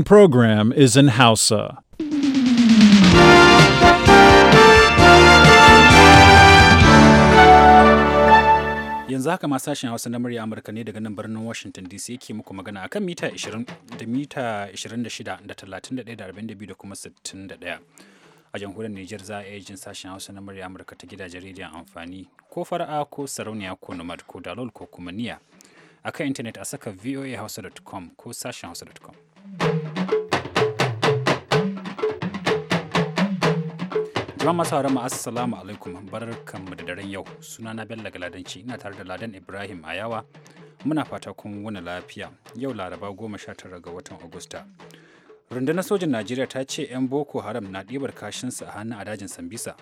program is in Hausa. Yanzu haka ma sashen Hausa na murya Amurka ne daga nan birnin Washington DC ke muku magana akan mita 20 da mita 26 da 31 da 42 da kuma 61. a jamhuriyar Nijar za a iya jin sashen Hausa na murya Amurka ta gidajen rediyon amfani ko fara'a ko sarauniya ko nomad ko dalol ko kuma niya. A kan intanet a saka voahausa.com ko sashen hausa.com. Jama'a masu haramu assalamu alaikum barkanmu da daren yau sunana Bello Ladanci, ina tare da Ladan Ibrahim Ayawa muna fata kun wuna lafiya yau Laraba goma sha tara ga watan Agusta. Rundunar sojin Najeriya ta ce 'yan Boko Haram na ɗibar kashinsu a hannun a dajin Sambisa.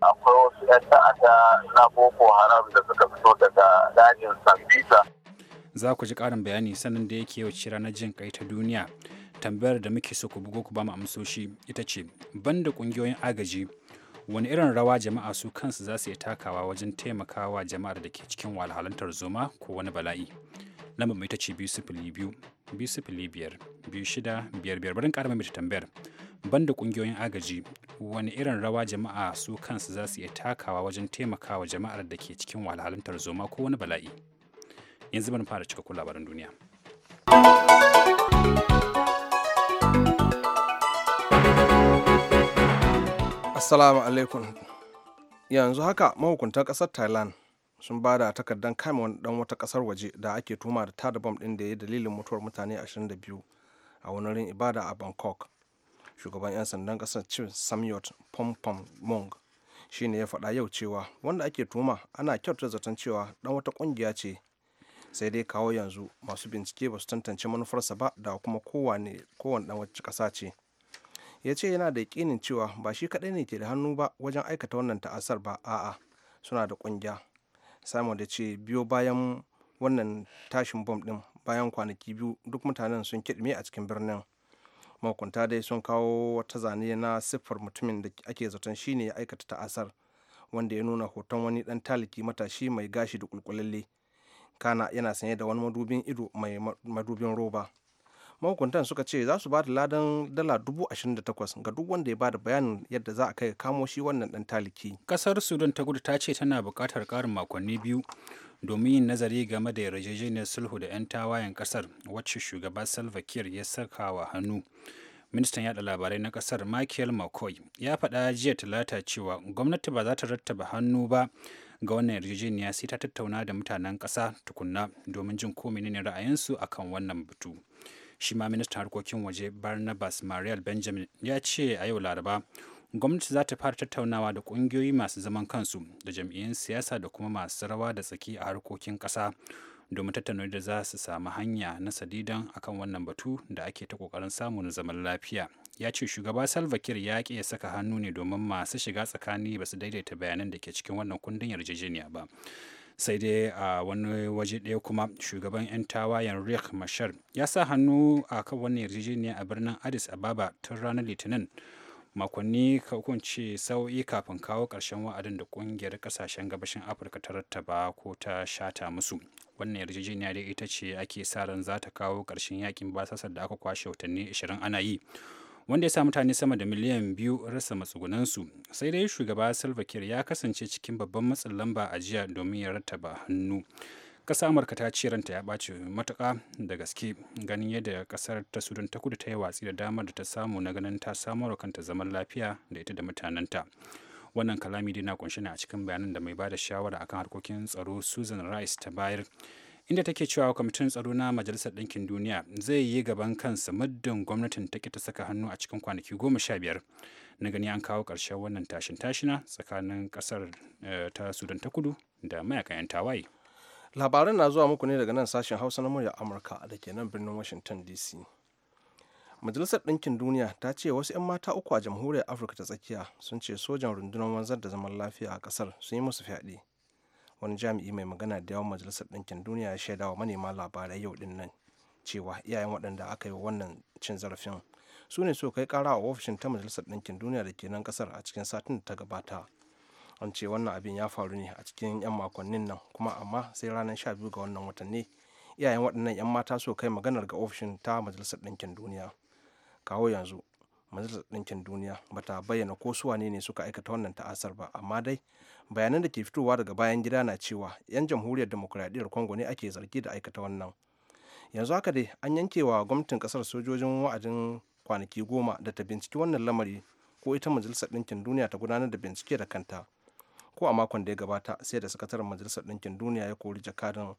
Akwai wasu 'yan ta'ada na Boko Haram da suka fito daga dajin Sambisa. za ku ji ƙarin bayani sanin da yake yau ranar jin kai ta duniya tambayar da muke so ku bugo ku ba mu amsoshi ita ce banda ƙungiyoyin agaji wani irin rawa jama'a su kansu za su iya takawa wajen taimakawa jama'ar da ke cikin wahalhalun zoma ko wani bala'i lambar mai ita ce biyu sifili biyu biyu sifili biyar biyu shida biyar biyar barin ƙara mai tambayar banda ƙungiyoyin agaji wani irin rawa jama'a su kansu za su iya takawa wajen taimakawa jama'ar da ke cikin wahalhalun zoma ko wani bala'i yanzu bari fara cikakkun labaran duniya assalamu alaikum yanzu haka mahukuntan kasar thailand sun ba da takardar kama wani dan wata kasar waje da ake tuma da tada bom din da ya dalilin mutuwar mutane 22 a wani rin ibada a bangkok shugaban 'yan sandan kasar chief samyot pompom mong shi ne ya faɗa yau cewa wanda ake tuma ana kyautar zaton cewa dan wata ƙungiya ce sai dai kawo yanzu masu bincike ba su tantance manufarsa ba da kuma kowane dan wacce kasa ce ya ce yana da yakinin cewa ba shi kaɗai ne ke da hannu ba wajen aikata wannan ta'asar ba a'a suna da ƙungiya simon da ce biyo bayan wannan tashin bom ɗin bayan kwanaki biyu duk mutanen sun kiɗime a cikin birnin mahukunta dai sun kawo wata zane na siffar mutumin da ake zaton shine ya aikata ta'asar wanda ya nuna hoton wani ɗan taliki matashi mai gashi da kulkulalle kana yana sanye da wani madubin ido mai madubin roba mahukuntan suka ce za su ba da ladan dala dubu ashirin da ga duk wanda ya ba da bayanin yadda za a kai kamo shi wannan dan taliki kasar sudan ta gudu ta ce tana bukatar karin makonni biyu domin yin nazari game da yarjejeniyar sulhu da 'yan tawayen kasar wacce shugaba salva kiir ya saka wa hannu ministan yada labarai na kasar michael mccoy ya faɗa jiya talata cewa gwamnati ba za ta rattaba hannu ba ga wannan yarjejeniya sai ta tattauna da mutanen ƙasa tukunna domin jin ko menene ra'ayinsu akan wannan batu shi ma ministan harkokin waje barnabas mariel benjamin ya ce a yau laraba gwamnati za ta fara tattaunawa da ƙungiyoyi masu zaman kansu da jam'iyyun siyasa da kuma masu rawa da tsaki a harkokin ƙasa domin tattauna da za su samu hanya na sadidan akan wannan batu da ake ta kokarin samu na zaman lafiya ya ce shugaba salva kiir ya ƙi ya saka hannu ne domin masu shiga tsakani ba su daidaita bayanan da ke cikin wannan kundin yarjejeniya ba sai dai a wani waje ɗaya kuma shugaban 'yan tawayen riek mashar ya sa hannu a kan wannan yarjejeniya a birnin addis ababa tun ranar litinin makonni hukunci sau'i kafin kawo ƙarshen wa'adin da ƙungiyar ƙasashen gabashin afirka ta rattaba ko ta shata musu wannan yarjejeniya dai ita ce ake sa ran za ta kawo ƙarshen yakin basasar da aka kwashe watanni 20 ana yi wanda ya sa mutane sama da miliyan biyu rasa matsugunansu sai dai shugaba silva kiir ya kasance cikin babban matsin lamba a jiya domin ya rattaba hannu ƙasa amurka ta ce ranta ya ɓace matuka da gaske ganin yadda ƙasar ta sudan ta kudu ta yi watsi da damar da ta samu na ganin ta samar kanta zaman lafiya da ita da mutanenta wannan kalami dai na kunshi ne a cikin bayanan da mai ba da shawara akan harkokin tsaro susan rice ta bayar inda take cewa kwamitin tsaro na majalisar ɗinkin duniya zai yi gaban kansa muddin gwamnatin ta ta saka hannu a cikin kwanaki goma sha biyar na gani an kawo ƙarshen wannan tashin tashina tsakanin ƙasar eh, ta sudan ta kudu da mayaka 'yan tawaye labaran na zuwa muku ne daga nan sashen hausa na murya amurka da ke nan birnin washington dc majalisar ɗinkin duniya ta ce wasu 'yan mata uku a jamhuriyar afirka ta tsakiya sun ce sojan rundunar wanzar da zaman lafiya a kasar sun yi musu fyaɗe wani jami'i mai magana da yawan majalisar ɗinkin duniya ya shaida wa manema labarai yau din nan cewa iyayen waɗanda aka yi wannan cin zarafin su ne so kai kara a ofishin ta majalisar ɗinkin duniya da ke nan ƙasar a cikin satin da ta gabata an ce wannan abin ya faru ne a cikin 'yan makonnin nan kuma amma sai ranar sha biyu ga wannan watanni iyayen waɗannan 'yan mata so kai maganar ga ofishin ta majalisar ɗinkin duniya kawo yanzu majalisar ɗinkin duniya ba ta bayyana ko su wane ne suka aikata wannan ta'asar ba amma dai bayanan da ke fitowa daga bayan gida na cewa 'yan jamhuriyar demokuraɗiyyar congo ne ake zargi da aikata wannan yanzu haka dai an yanke wa gwamnatin kasar sojojin wa'adin kwanaki goma da ta binciki wannan lamari ko ita majalisar ɗinkin duniya ta gudanar da bincike da kanta ko a makon da ya gabata sai da sakataren majalisar ɗinkin duniya ya kori jakadan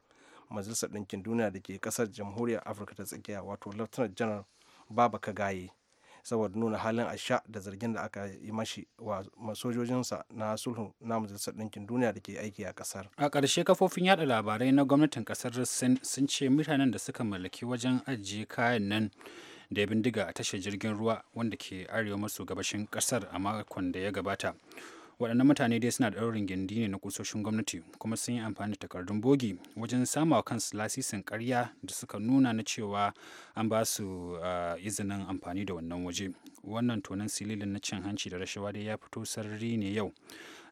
majalisar dinkin duniya da ke kasar jamhuriyar afirka ta tsakiya wato lieutenant general baba kagaye saboda nuna halin asha da zargin da aka yi mashi wa masojojinsa na sulhu na majalisar ɗinkin duniya da ke aiki a ƙasar. A ƙarshe kafofin yada labarai na gwamnatin ƙasar Sin sun ce mutanen da suka mallaki wajen ajiye kayan nan da ya bindiga a tashar jirgin ruwa wanda ke arewa maso gabashin ƙasar a makon da ya gabata. waɗannan mutane dai suna da ɗaurin gindi ne na kusoshin gwamnati kuma sun yi amfani da takardun bogi wajen samawa kansu lasisin karya da suka nuna na cewa an ba su ah, izinin amfani da wannan waje wannan tonan sililin na cin hanci da rashawa dai ya fito sarari ne yau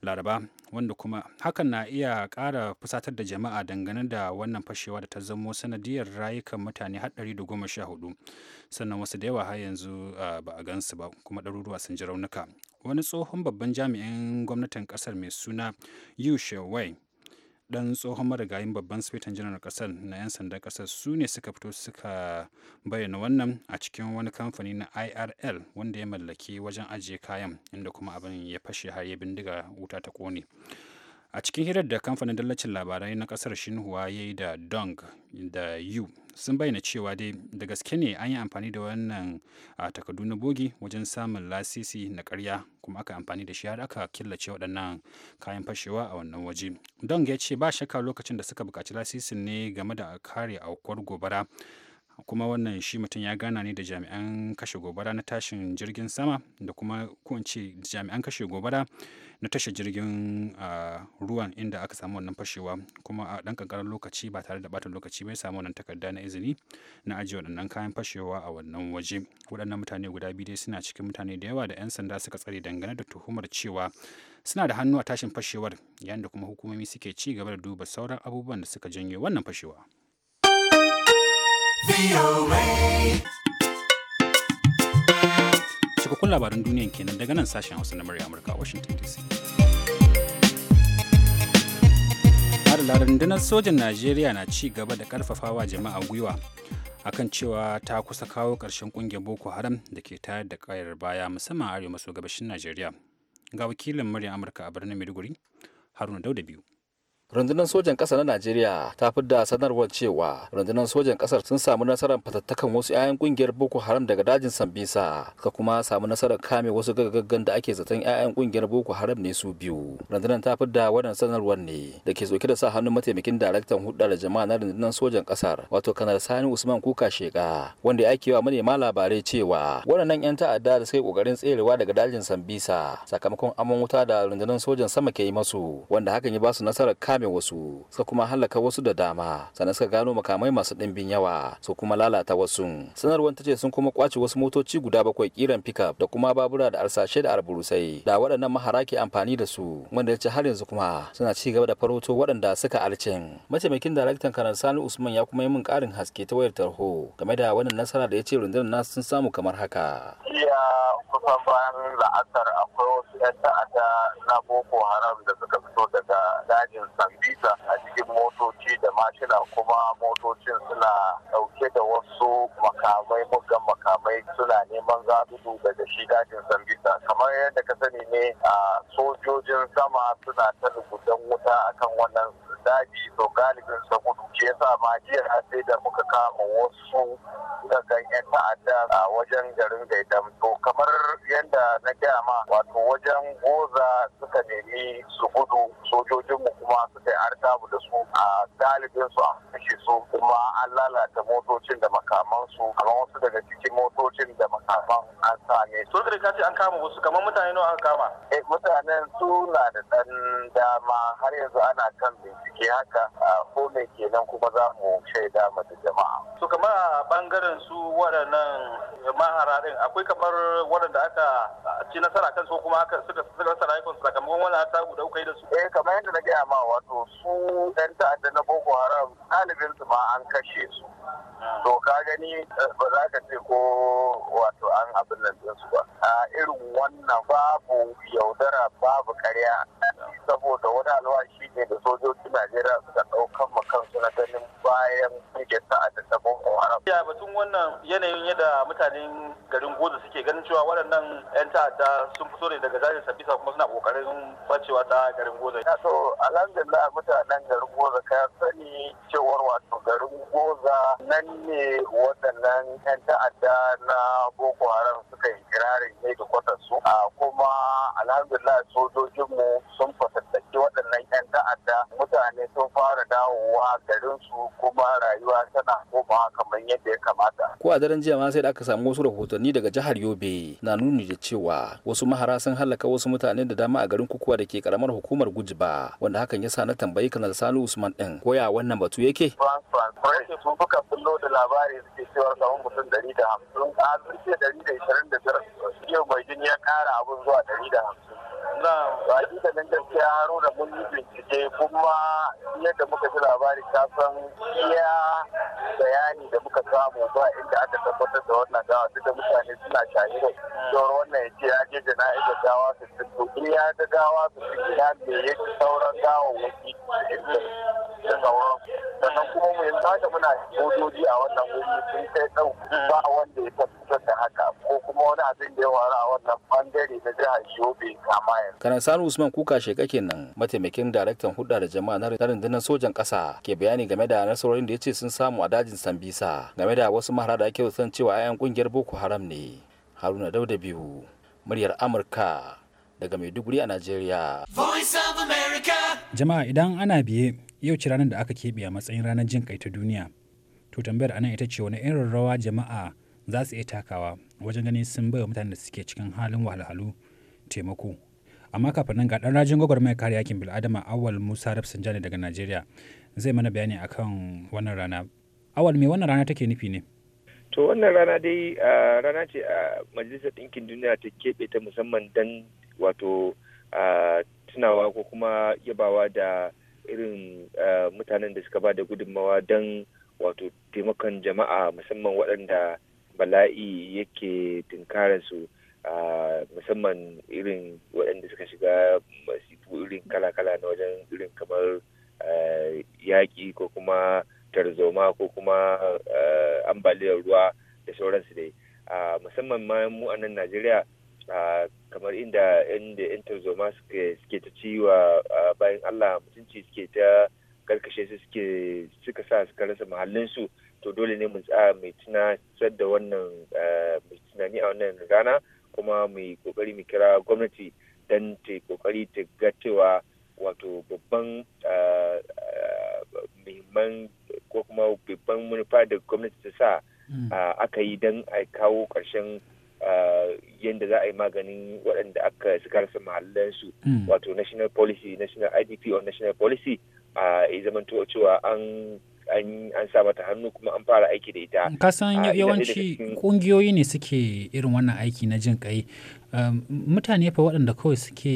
laraba wanda kuma hakan na iya kara fusatar da jama'a dangane da wannan fashewa da ta zamo sanadiyar rayukan mutane haɗari da goma sha hudu sannan wasu da yawa har yanzu ah, ba a gansu ba kuma ɗaruruwa sun ji raunuka wani tsohon babban jami'in gwamnatin kasar mai suna yu shewai dan tsohon marigayin babban sufetan janar kasar na 'yan sandan kasar su ne suka fito suka bayyana wannan a cikin wani kamfani na irl wanda ya mallaki wajen ajiye kayan inda kuma abin ya fashe har ya bindiga wuta ta kone a cikin hirar da kamfanin dallacin labarai na kasar shinhua ya yi da dong da yu sun bayyana cewa dai da gaske ne an yi amfani da wannan takardu na bogi wajen samun lasisi na karya kuma aka amfani da shi har aka killace waɗannan kayan fashewa a wannan waje don ya ce ba shakka lokacin da suka buƙaci lasisin ne game da kare aukuwar gobara kuma wannan shi mutum ya gana ne da jami'an kashe gobara na tashin jirgin sama da kuma ko jami'an kashe gobara na tashar jirgin ruwan inda aka samu wannan fashewa kuma a ɗan ƙanƙarar lokaci ba tare da ɓatan lokaci bai samu wannan takarda na izini na ajiye waɗannan kayan fashewa a wannan waje waɗannan mutane guda biyu dai suna cikin mutane da yawa da 'yan sanda suka tsare dangane da tuhumar cewa suna da hannu a tashin fashewar yayin da kuma hukumomi suke ci gaba da duba sauran abubuwan da suka janyo wannan fashewa. cikakkun labaran duniyan kenan daga nan sashen hausa na murya amurka washington dc har rundunar sojan najeriya na ci gaba da karfafawa jama'a gwiwa akan cewa ta kusa kawo ƙarshen ƙungiyar boko haram da ke tayar da ƙayar baya musamman arewa maso gabashin najeriya ga wakilin murya amurka a birnin maiduguri haruna dauda biyu rundunar sojan ƙasa na najeriya ta fi da sanarwar cewa rundunar sojan ƙasar sun samu nasarar fatattakan wasu 'ya'yan ƙungiyar boko haram daga dajin sambisa ka kuma samu nasarar kame wasu gagaggan da ake zaton 'ya'yan ƙungiyar boko haram ne su biyu rundunar ta da wannan sanarwar ne da ke soke da sa hannun mataimakin daraktan hudda da jama'a na rundunar sojan ƙasar wato kanar sani usman kuka sheka wanda ya ake wa manema labarai cewa waɗannan 'yan ta'adda da suka yi ƙoƙarin tserewa daga dajin sambisa sakamakon amon wuta da rundunar sojan sama ke yi masu wanda hakan ya ba su nasarar kame kame wasu suka kuma halaka wasu da dama sannan suka gano makamai masu ɗimbin yawa su kuma lalata wasu sanarwar ta ce sun kuma kwace wasu motoci guda bakwai kiran pickup da kuma babura da arsashe da arburusai da waɗannan mahara ke amfani da su wanda ya ce har yanzu kuma suna ci gaba da faroto waɗanda suka arcin mataimakin daraktan kanar sani usman ya kuma yi min ƙarin haske ta wayar tarho game da wannan nasara da ya ce rundunar nasu sun samu kamar haka. jiya kusan bayan la'asar akwai wasu 'yan ta'adda na boko haram da suka fito daga dajin san bisa a cikin motoci da mashina kuma motocin suna dauke da wasu makamai muggan makamai suna neman zaɓudu daga shi dajin sambisa kamar yadda ka sani ne a sojojin sama suna ta rubutan wuta akan wannan daji so galibin sa gudu shi yasa ma jiya sai da muka kama wasu daga yan ta'adda a wajen garin gaidam to kamar yadda na gaya ma wato wajen goza suka nemi su gudu sojojinmu kuma suka yi artabu da su a galibin su an kashe su kuma an lalata motocin da makaman su amma wasu daga cikin motocin da makaman an same su. Sojiri ka ce an kama wasu kamar mutane nawa an kama? Eh mutanen su na da ɗan dama har yanzu ana kan bincike. ke haka ko ke kenan kuma za mu shaida mata jama'a. su kamar a bangaren su waɗannan mahara ɗin akwai kamar waɗanda aka ci nasara kan su kuma aka suka rasa rayukansu sakamakon wani ta guda uka yi da su. Eh kamar yadda na gaya ma wato su ɗan ta'adda na Boko Haram ɗalibin su ma an kashe su. To ka gani eh, ba za ka ce ko wato an abin nan ɗinsu ba. A irin wannan babu yaudara babu karya saboda wani alwashi ne da sojoji na najeriya suka ɗaukan kansu na ganin bayan rike ta'adda da boko haram ya batun wannan yanayin yadda mutanen garin goza suke ganin cewa waɗannan 'yan ta'adda sun fito ne daga jajin sabisa kuma suna ƙoƙarin bacewa ta garin goza ya so alhamdulillah mutanen garin goza ka sani cewar wato garin goza nan ne waɗannan 'yan ta'adda na boko haram suka yi kirarin ne da kwatarsu kuma alhamdulillah sojojinmu sun fata ɗauki waɗannan 'yan ta'adda mutane sun fara dawowa garinsu kuma rayuwa tana komawa kamar yadda ya kamata. Ko a daren jiya ma sai da aka samu wasu rahotanni daga jihar Yobe na nuni da cewa wasu mahara sun halaka wasu mutane da dama a garin kukuwa da ke karamar hukumar Gujiba wanda hakan ya sa na tambayi kanar Sani Usman ɗin koya wannan batu yake. France sun fuka da labari cewar samun mutum ɗari da hamsin a sun ɗari da ishirin da biyar yau mai jini ya ƙara abin zuwa ɗari da hamsin. Na ba da nan gaskiya da mun yi bincike kuma yadda muka ji labari ta san iya bayani da muka samu ba inda aka tabbatar da wannan gawa duk da mutane suna shahiro. Dora wannan ya ce ya je jana'izar gawa su cikin ya ga gawa su cikin ya ce ya ci sauran gawa wasu da sauran. Sannan kuma mu yanzu haka muna sojoji a kanan sani usman kuka sheka kenan mataimakin daraktan hudda da jama'a na rundunar sojan kasa ke bayani game da nasarorin da ya ce sun samu a dajin sambisa game da wasu mahara da ake san cewa 'ya'yan kungiyar boko haram ne haruna dauda biyu muryar amurka daga maiduguri a najeriya jama'a idan ana biye yau ci ranar da aka keɓe a matsayin ranar jin kai ta duniya to tambayar anan ita ce wani irin rawa jama'a za su iya takawa wajen ganin sun bai mutanen da suke cikin halin wahalhalu taimako amma kafin nan ga dan rajin gwagwarmayar kare yakin bil'adama awal musa jani daga najeriya zai mana bayani akan wannan rana awal me wannan rana take nufi ne to wannan rana dai rana ce a majalisar ɗinkin duniya ta keɓe ta musamman don wato tunawa ko kuma yabawa da irin mutanen da suka ba da gudunmawa don wato taimakon jama'a musamman waɗanda bala'i yake tunkararsu su musamman irin waɗanda suka shiga masifu irin kala-kala na wajen irin kamar yaƙi ko kuma tarzoma ko kuma ambaliyar ruwa da sauransu dai musamman ma mu a nan najeriya kamar inda inda yan tarzoma suke ta ciwa bayan allah mutunci suke ta karkashe su suka sa suka rasa mahallinsu to dole ne mu tsaya mai da wannan mai tunani a wannan rana kuma mu yi kokari mu kira gwamnati don ta yi kokari ta ga cewa wato babban muhimman ko kuma babban manufa da gwamnati ta sa mm. aka yi don a kawo ƙarshen yadda za a yi maganin waɗanda aka suka rasa mahallansu mm. wato national policy national idp or national policy a zamanto cewa an an sa mata hannu kuma an fara aiki da ita kasan yawanci kungiyoyi ne suke irin wannan aiki na jin kai um, mutane fa waɗanda kawai suke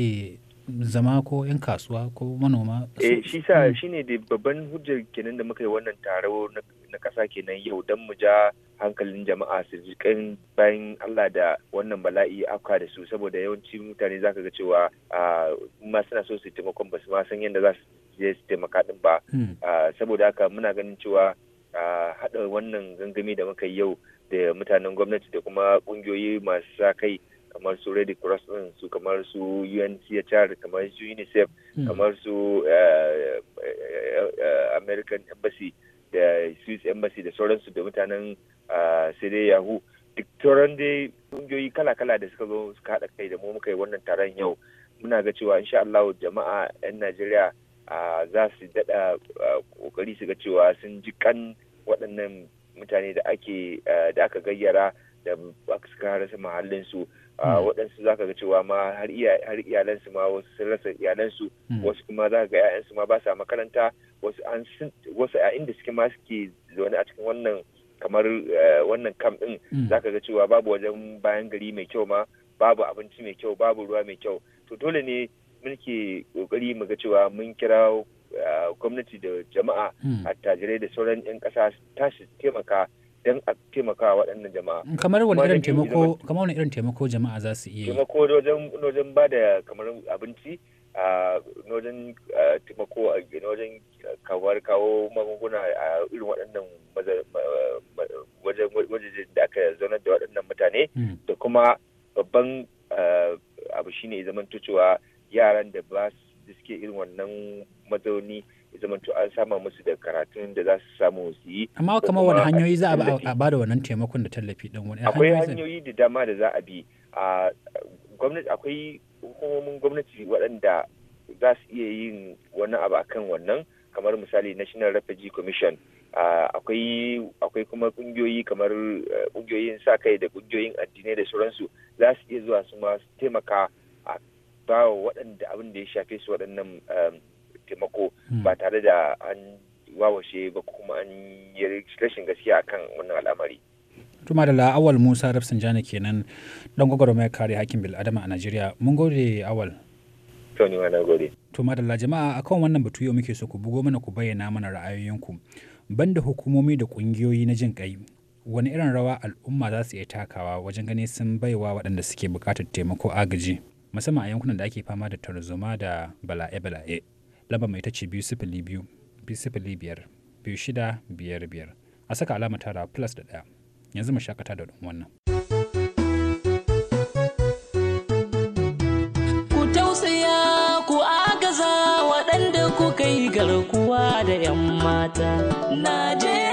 zama ko 'yan kasuwa ko manoma eh, shi sa hmm. shine da babban hujjar kenan da muka yi wannan taro na ƙasa kenan yau don mu ja hankalin jama'a su jikin bayan Allah da wannan bala'i afka da su saboda yawanci mutane zaka ga cewa ah, ma suna so su taimakon ba su ma san yadda za su je su taimaka din ba hmm. ah, saboda haka muna ganin cewa ah, haɗa wannan gangami da muka yi yau da mutanen gwamnati da kuma ƙungiyoyi masu sa kai kamar su Red Cross din su kamar su UNCHR kamar su UNICEF hmm. kamar su eh, eh, eh, American Embassy da Swiss Embassy da sauransu da mutanen ah, sai Yahoo duk sauran dai ƙungiyoyi kala-kala da suka zo suka haɗa kai da mu muka yi wannan taron yau muna ga cewa insha Allah jama'a 'yan Najeriya za su daɗa ƙoƙari su ga cewa sun ji kan waɗannan mutane da ake da aka gayyara da suka rasa mahallinsu hmm. waɗansu za ka ga cewa ma har iyalansu ma wasu sun rasa iyalansu hmm. wasu kuma za ka ga 'ya'yansu ma ba sa makaranta wasu a inda suke ma suke zaune a cikin wannan kamar wannan kam ɗin hmm. za ka ga cewa babu wajen bayan gari mai kyau ma babu abinci mai kyau babu ruwa mai kyau to dole ne mulki kokari muga cewa mun kira ah, gwamnati da jama'a hmm. attajirai da sauran 'yan ƙasa tashi taimaka don a taimaka waɗannan jama'a. Kamar wani irin taimako kamar wani irin taimako jama'a za su iya. Taimako wajen ba da kamar abinci a ah, wajen ah, taimako a wajen kawar kawo magunguna a irin waɗannan wajen da aka zaunar da waɗannan mutane hmm. da kuma babban abu shine zaman cewa yaran da ba su suke irin wannan mazauni ya zama to an sama musu da karatun da za su samu su yi. Amma kamar wani hanyoyi za a ba da wannan taimakon da tallafi ɗin wani Akwai hanyoyi da dama da za a bi. gwamnati Akwai hukumomin gwamnati waɗanda za su iya yin wani abu kan wannan kamar misali National Refugee Commission. akwai kuma kungiyoyi kamar kungiyoyin eh, sa kai da kungiyoyin addinai da sauransu za su iya zuwa su ma taimaka a ba wa waɗanda abin da ya shafe su waɗannan um, taimako hmm. ba tare da an wawashe ba kuma an yi rashin gaskiya akan wannan al'amari. tuma da la'awal musa rafsanjani kenan don gwagwarmayar kare hakkin bil'adama a najeriya mun gode awal to ni na gode tuma da la jama'a akan wannan batu yau muke so ku bugo mana ku bayyana mana ra'ayoyinku banda hukumomi da kungiyoyi na jin kai wani irin rawa al'umma za su iya takawa wajen ganin sun baiwa waɗanda suke buƙatar taimako agaji musamman a yankunan da ake fama da tarzoma da bala'e-bala'e lamba mai ta ce biyu sifili biyu biyu sifili biyar biyu shida biyar biyar a saka alamar tara plus da ɗaya yanzu mu shakata da wannan. Ku tausaya ku agaza waɗanda ku yi garkuwa da 'yan mata. Najeriya.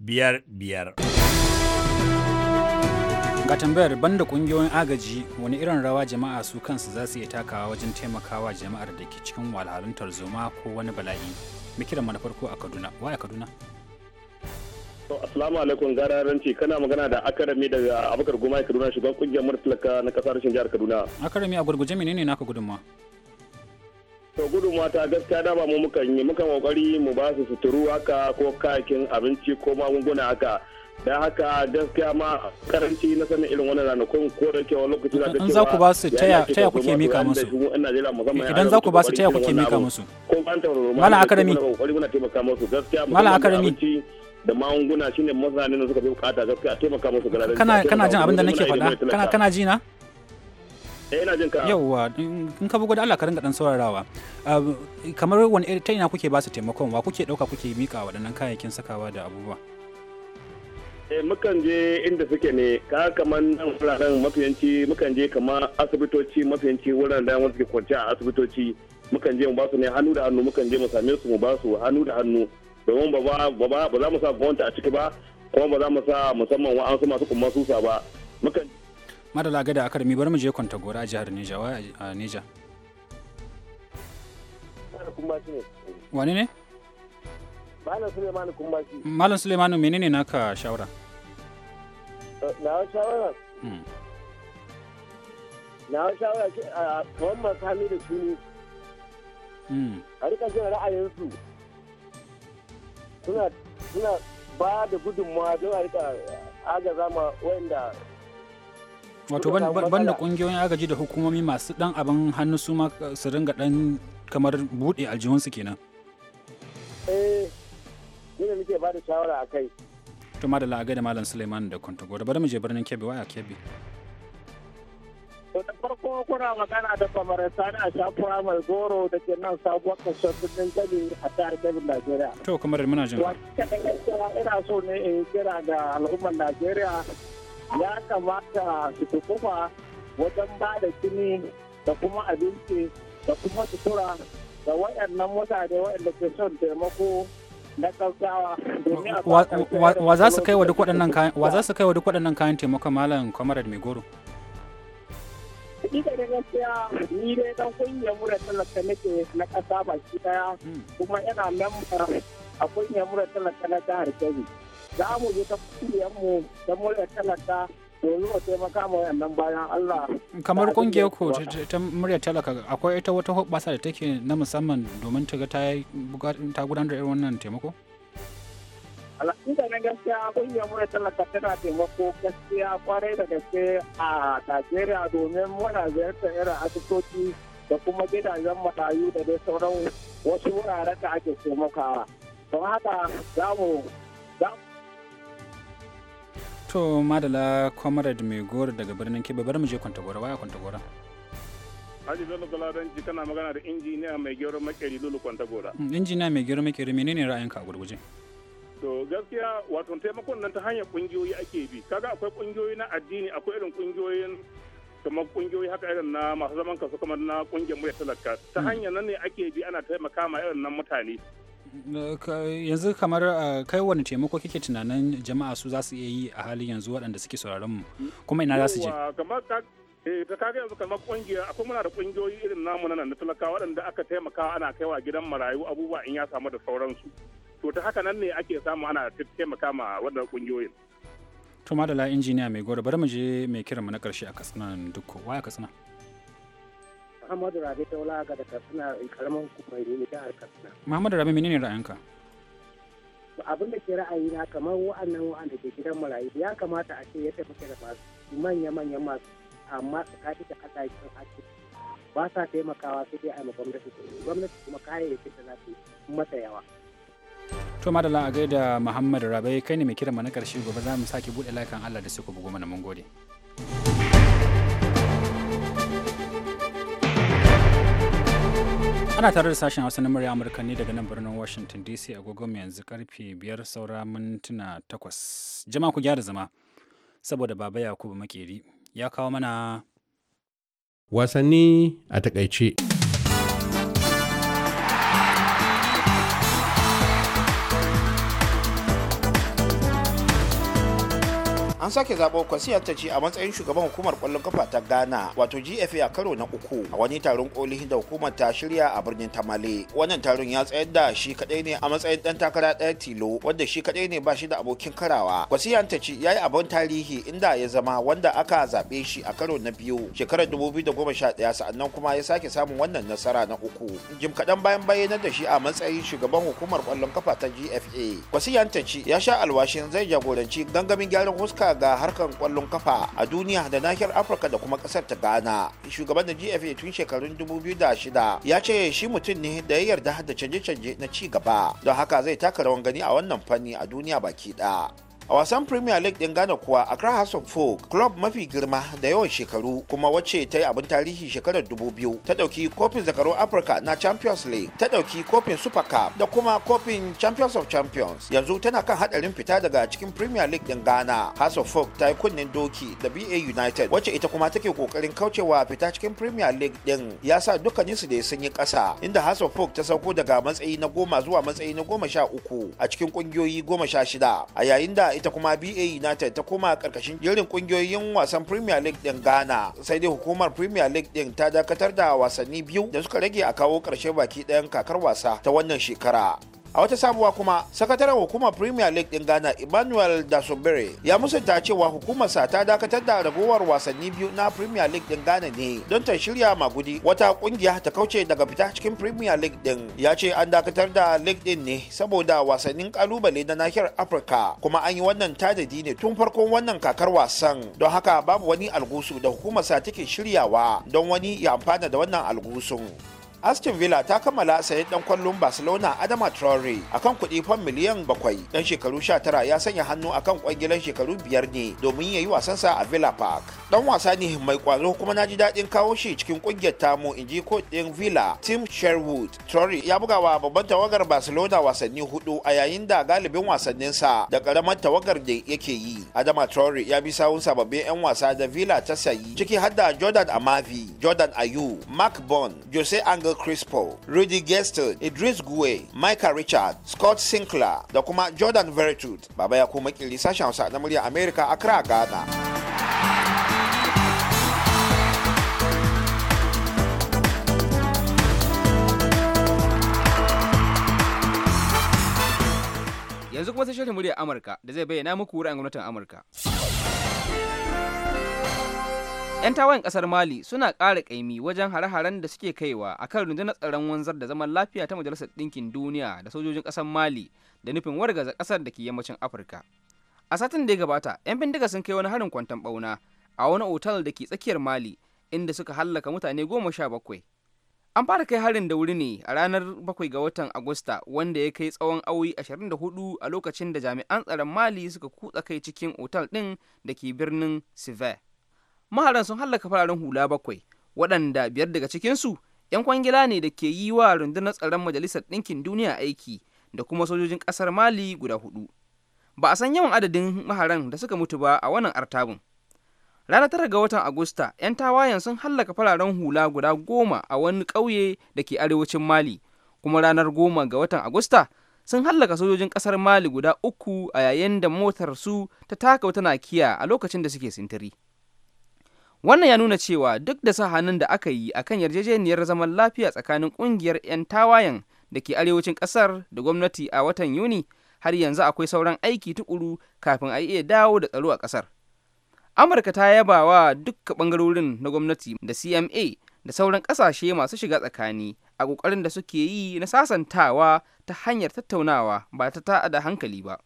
biyar biyar. Ga tambayar banda kungiyoyin agaji wani irin rawa jama'a su kansu za su iya takawa wajen taimakawa jama'ar da ke cikin walhalun tarzoma ko wani bala'i. Mikiran mana farko a Kaduna. Wa a Kaduna? Assalamu alaikum gararanci kana magana da akarami daga abakar goma kaduna shugaban kungiyar martalaka na kasar jihar kaduna. Akarami a gurguje menene naka gudunmawa? to gudun mata gaskiya da ba mu mukan yi mukan kokari mu ba su suturu haka ko kayakin abinci ko magunguna haka da haka gaskiya ma karanci na sanin irin wannan ranakun ko da ke wani lokaci da ke cewa za ku ba su taya taya kuke mika musu idan za ku ba su taya kuke mika musu ko ban ta mala akademi mala akademi da magunguna shine masana ne suka fi bukata gaskiya taimaka musu kana kana jin abin da nake faɗa kana kana ji na Eh, yauwa in ka bugu da Allah ka ringa dan saurarawa kamar wani ta ina kuke ba su taimakon wa kuke dauka kuke mika waɗannan kayayyakin sakawa da abubuwa eh mukan je inda suke ne ka kaman nan wuraren mafiyanci mukan je kamar asibitoci mafiyanci wuraren da suke kwanci a asibitoci mukan je mu ba su ne hannu da hannu mukan je mu same su mu ba su hannu da hannu domin ba ba ba za mu sa gwamnati a ciki ba kuma ba za mu sa musamman wa'ansu masu kuma susa ba mukan madala gada akarmi bari mu je kwanta gora a jihar neja wa a neja wane ne malam suleimanu kumbaki malam suleimanu menene naka shawara eh, na shawara hmm. na shawara ce a kawon masu hannu da ne. Hmm. a rika jin ra'ayinsu suna ba da gudunmawa don a rika agaza ma wanda wato ban da kungiyoyin agaji da hukumomi masu dan abin hannu su ma eh, su ringa dan kamar bude aljihunsu kenan eh ne muke ba da shawara a kai to ma da la'agai da malam suleiman da kunta da bari mu je birnin kebbi waya kebbi to da farko kuna magana da kamar sani a shafura mai goro da ke nan sabuwar kashin birnin kebbi a jihar kebbi nigeria. to kamar muna jin ina so ne in kira ga al'ummar nigeria. ya kamata su tukufa wajen ba da jini da kuma abinci da kuma sutura da waɗannan mutane waɗanda ke son taimako na kaukawa domin a wa za su kai wa duk waɗannan kayan za su kai wa duk waɗannan kayan taimako malam kwamarar megoro Ita da gaskiya ni dai dan kungiyar mura talaka nake na ƙasa baki daya hmm. kuma yana memba a kungiyar mura talaka na jihar Kebbi. za mu je ta mu ta murya talaka domin mu taimaka ma wayannan bayan Allah. Kamar kungiyar ko ta murya talaka akwai ita wata hoɓɓasa da take na musamman domin ta ga ta gudanar irin wannan taimako? Alhamdulillah na gaskiya kungiyar murya talaka tana taimako gaskiya kwarai da gaske a Najeriya domin muna ziyartar irin asibitoci da kuma gidajen matayu da dai sauran wasu wuraren da ake taimakawa. Don haka za mu to madala comrade mai goro daga birnin kebe bari mu je kwantagora waya kwantagora Haji Bello Galadanci kana magana da injiniya mai gero makeri Lulu Kwantagora. Hmm, injiniya mai gero makeri menene ra'ayinka a gurguje? To gaskiya wato taimakon nan ta hanyar kungiyoyi ake bi. Kaga akwai kungiyoyi na addini akwai irin kungiyoyin kamar kungiyoyi haka irin na masu zaman kasu kamar na kungiyar mai talaka. Ta hmm. hanyar nan ne ake bi ana taimaka ma irin nan mutane. yanzu kamar ah, kai wani taimako kike tunanin jama'a su za iya yi a halin yanzu waɗanda suke sauraron mu kuma ina za su je ta eh, kaga yanzu kamar kungiya akwai muna da kungiyoyi irin namu na nan talaka waɗanda aka taimaka ana kaiwa gidan marayu abubuwa in ya samu da sauransu to ta haka nan ne ake samu ana taimaka ma waɗannan kungiyoyin to madala injiniya mai goro bari mu je mai kiran mu na karshe a katsinan dukko waya katsina Muhammadu rabe Daula ga da Katsina karamin hukumar ne jihar Katsina. Muhammadu Rabi menene ra'ayinka? abin da ke ra'ayi na kamar wa'annan wa'anda ke gidan marayu ya kamata a ce ya tafi da masu manya-manyan masu amma su kashi da kasashen ba sa taimakawa sai dai a ma gwamnati gwamnati kuma kayayyaki da za su mata yawa. to madalla a gaida muhammadu rabe kai ne mai kiran mana na karshe gobe za mu sake buɗe lakan allah da suka bugu mana mun gode. ana tare da sashen hausa na murya amurka ne daga nan birnin washington dc agogon yanzu karfe biyar saura mintuna takwas jama ku gyara zama saboda baba yakubu makeri ya kawo mana wasanni a takaice an sake zaɓo kwasiyar ta ce a matsayin shugaban hukumar kwallon kafa ta ghana wato gfa a karo na uku a wani taron koli da hukumar ta shirya a birnin tamale wannan taron ya tsayar da shi kadai ne a matsayin dan takara ɗaya tilo wanda shi kadai ne ba shi da abokin karawa kwasiyar ta ce ya yi abin tarihi inda ya zama wanda aka zaɓe shi a karo na biyu shekarar 2011 sa'annan kuma ya sake samun wannan nasara na uku jim kaɗan bayan bayyanar da shi a matsayin shugaban hukumar kwallon kafa ta gfa kwasiyar ta ce ya sha alwashin zai jagoranci gangamin gyaran huska ga harkar kwallon kafa a duniya da nahiyar afirka da kuma kasar ta ghana shugaban da gfa tun shekarun 2006 ya ce shi mutum ne da ya yarda da canje-canje na ci gaba don haka zai taka rawan gani a wannan fanni a duniya baki ɗaya a wasan premier league din ghana kuwa a kira of folk club mafi girma da yawan shekaru kuma wacce ta yi abin tarihi shekarar dubu biyu? ta dauki kofin Zakarau africa na champions league ta dauki kofin super cup da kuma kofin champions of champions yanzu tana kan hadarin fita daga cikin premier league din ghana house ta yi kunnen doki da ba united wacce ita kuma take kokarin kaucewa fita cikin premier league din ya sa dukkaninsu da sun yi kasa inda house ta sauko daga matsayi na goma zuwa matsayi na goma sha uku a cikin kungiyoyi goma sha shida a yayin da ita kuma ba united ta koma karkashin jerin kungiyoyin wasan premier league din ghana sai dai hukumar premier league din ta dakatar da wasanni biyu da suka rage a kawo karshe baki ɗayan kakar wasa ta wannan shekara a wata sabuwa kuma sakataren hukumar premier league din ghana emmanuel dasobere ya musanta cewa hukumarsa ta dakatar da ragowar wasanni biyu na premier league din ghana ne don ta shirya magudi wata kungiya ta kauce daga fita cikin premier league din ya ce an dakatar da league din ne saboda wasannin kalubale na nahiyar afirka kuma an yi wannan tadadi ne tun farkon wannan kakar wasan don haka babu wani algusu da hukumarsa take shiryawa don wani ya amfana da wannan algusun aston villa ta kammala sayan dan kwallon barcelona adama traore akan kuɗi fam miliyan bakwai dan shekaru 19 ya sanya hannu akan kwangilan shekaru biyar ne domin ya yi wasansa a villa park dan wasa ne mai kwazo kuma na ji daɗin kawo shi cikin ƙungiyar tamu inji ko ɗin villa tim sherwood traore ya buga wa babban tawagar barcelona wasanni hudu a yayin da galibin wasanninsa da ƙaramar tawagar da yake yi adama traore ya bi sawun sababbin 'yan wasa da villa ta sayi ciki har da jordan amavi jordan ayu mark bon jose ang Michael Crispo, Rudy Gaston, Idris Guwe, Michael Richard, Scott Sinclair da kuma Jordan Veritude. Baba ya kuma kili sashen Hausa na murya Amerika kira Ghana. Yanzu kuma sai shirin Amurka da zai bayyana muku wuraren gwamnatin Amurka. 'Yan tawayen kasar Mali suna ƙara ƙaimi wajen hare-haren da suke kaiwa a kan rundunar tsaron wanzar da zaman lafiya ta Majalisar Ɗinkin Duniya da sojojin ƙasar Mali da nufin wargaza ƙasar da ke yammacin Afirka. A satin da ya gabata, 'yan bindiga sun kai wani harin kwanton bauna a wani otal da ke tsakiyar Mali inda suka hallaka mutane goma sha bakwai. An fara kai harin da wuri ne a ranar bakwai ga watan Agusta wanda ya kai tsawon da 24 a lokacin da jami'an tsaron Mali suka kutsa kai cikin otal ɗin da ke birnin Sivir. maharan sun hallaka fararen hula bakwai waɗanda biyar daga cikinsu 'yan kwangila ne da ke yi wa rundunar tsaron majalisar ɗinkin duniya aiki da kuma sojojin ƙasar mali guda hudu ba a san yawan adadin maharan da suka mutu ba a wannan artabin ranar tara ga watan agusta 'yan tawayen sun hallaka fararen hula guda goma a wani ƙauye da ke arewacin mali kuma ranar goma ga watan agusta sun hallaka sojojin ƙasar mali guda uku a yayin da motar su ta taka wata nakiya a lokacin da suke sintiri wannan ya nuna cewa duk da sahanin da aka yi akan yarjejeniyar zaman lafiya tsakanin kungiyar 'yan tawayen da ke arewacin ƙasar da gwamnati a watan yuni har yanzu akwai sauran aiki tukuru kafin a iya dawo da tsaro a ƙasar. amurka ta yaba wa dukkan bangarorin na gwamnati da cma da sauran ƙasashe masu shiga tsakani a ƙoƙarin da suke yi na sasantawa ta hanyar tattaunawa ba ta da hankali ba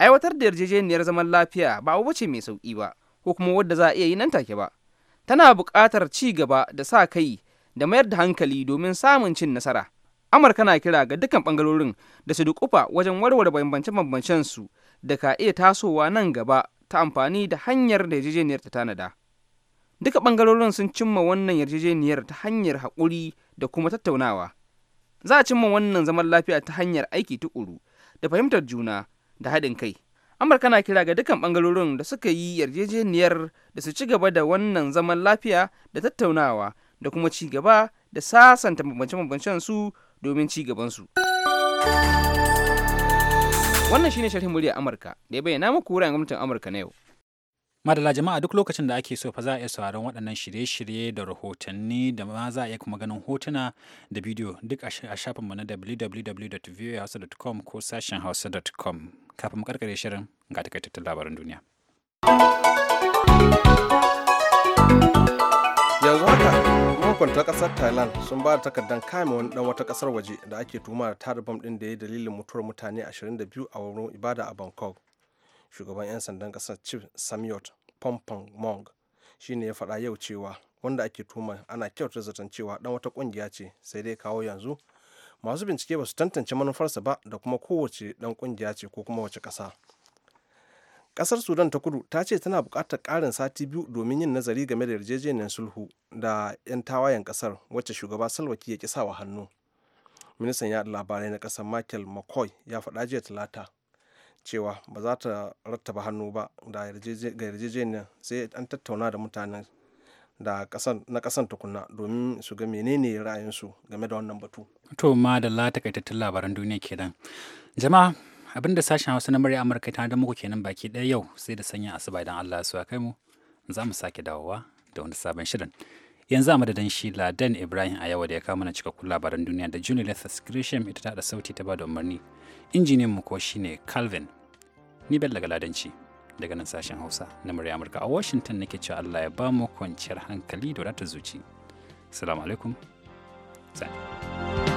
aiwatar da yarjejeniyar zaman lafiya ba wuce mai sauƙi ba ko kuma wadda za a iya yi nan take ba tana buƙatar ci gaba da sa kai da mayar da hankali domin samun cin nasara amurka na kira ga dukkan bangarorin da su dukufa wajen warware bambance-bambancen su da ka iya tasowa nan gaba ta amfani da hanyar da yarjejeniyar ta tanada duka bangarorin sun cimma wannan yarjejeniyar ta hanyar haƙuri da kuma tattaunawa za a cimma wannan zaman lafiya ta hanyar aiki tuƙuru da fahimtar juna da haɗin kai amurka na kira ga dukkan bangarorin da suka yi yarjejeniyar da su ci gaba da wannan zaman lafiya da tattaunawa da kuma ci gaba da sasanta bambance-bambancen su domin ci gabansu. Wannan shine sharhin murya Amurka da ya bayyana muku wuraren gwamnatin Amurka na yau. Madala jama'a duk lokacin da ake so fa za a iya sauraron waɗannan shirye-shirye da rahotanni da ma za a iya kuma ganin hotuna da bidiyo duk a shafinmu na www.voahausa.com ko sashen hausa.com. Kafin mu karkare shirin ga takaitattun labaran duniya. yanzu haka ta kasar thailand sun ba da takardar kame wani dan wata kasar waje da ake tuhuma da tada bam din da ya dalilin mutuwar mutane 22 a wurin ibada a bangkok shugaban 'yan sandan kasar chief samyot pompon mong shi ne ya faɗa yau cewa wanda ake tuma ana kyautar zaton cewa dan wata ƙungiya ce sai dai kawo yanzu masu bincike ba su tantance manufarsa ba da kuma kowace dan ƙungiya ce ko kuma wace ƙasa ƙasar sudan ta kudu ta ce tana buƙatar ƙarin sati biyu domin yin nazari game da yarjejeniyar sulhu da 'yan tawayen ƙasar wacce shugaba salwaki ya ƙi sawa hannu ministan yaɗa labarai na ƙasar michael mccoy ya faɗa jiya talata cewa ba za ta rattaba hannu ba ga yarjejeniyar sai an tattauna da mutanen da na kasan tukuna domin su ga menene ra'ayinsu game da wannan batu. To ma da la labaran duniya ke nan Jama'a abin da sashen Hausa na murya Amurka ta muku kenan baki ɗaya yau sai da sanya asuba idan Allah su kai mu za mu sake dawowa da wani sabon shirin. Yanzu a madadin shi Ladan Ibrahim a yawa da ya kama na cikakkun labaran duniya da junior Lethal ita ta da sauti ta ba da umarni. Injiniyan mu ko shine Calvin ni Bello Galadanci daga nan sashen Hausa na murya Amurka a Washington nake cewa Allah ya ba mu kwanciyar hankali da wadatar zuci. Assalamu alaikum. Sani.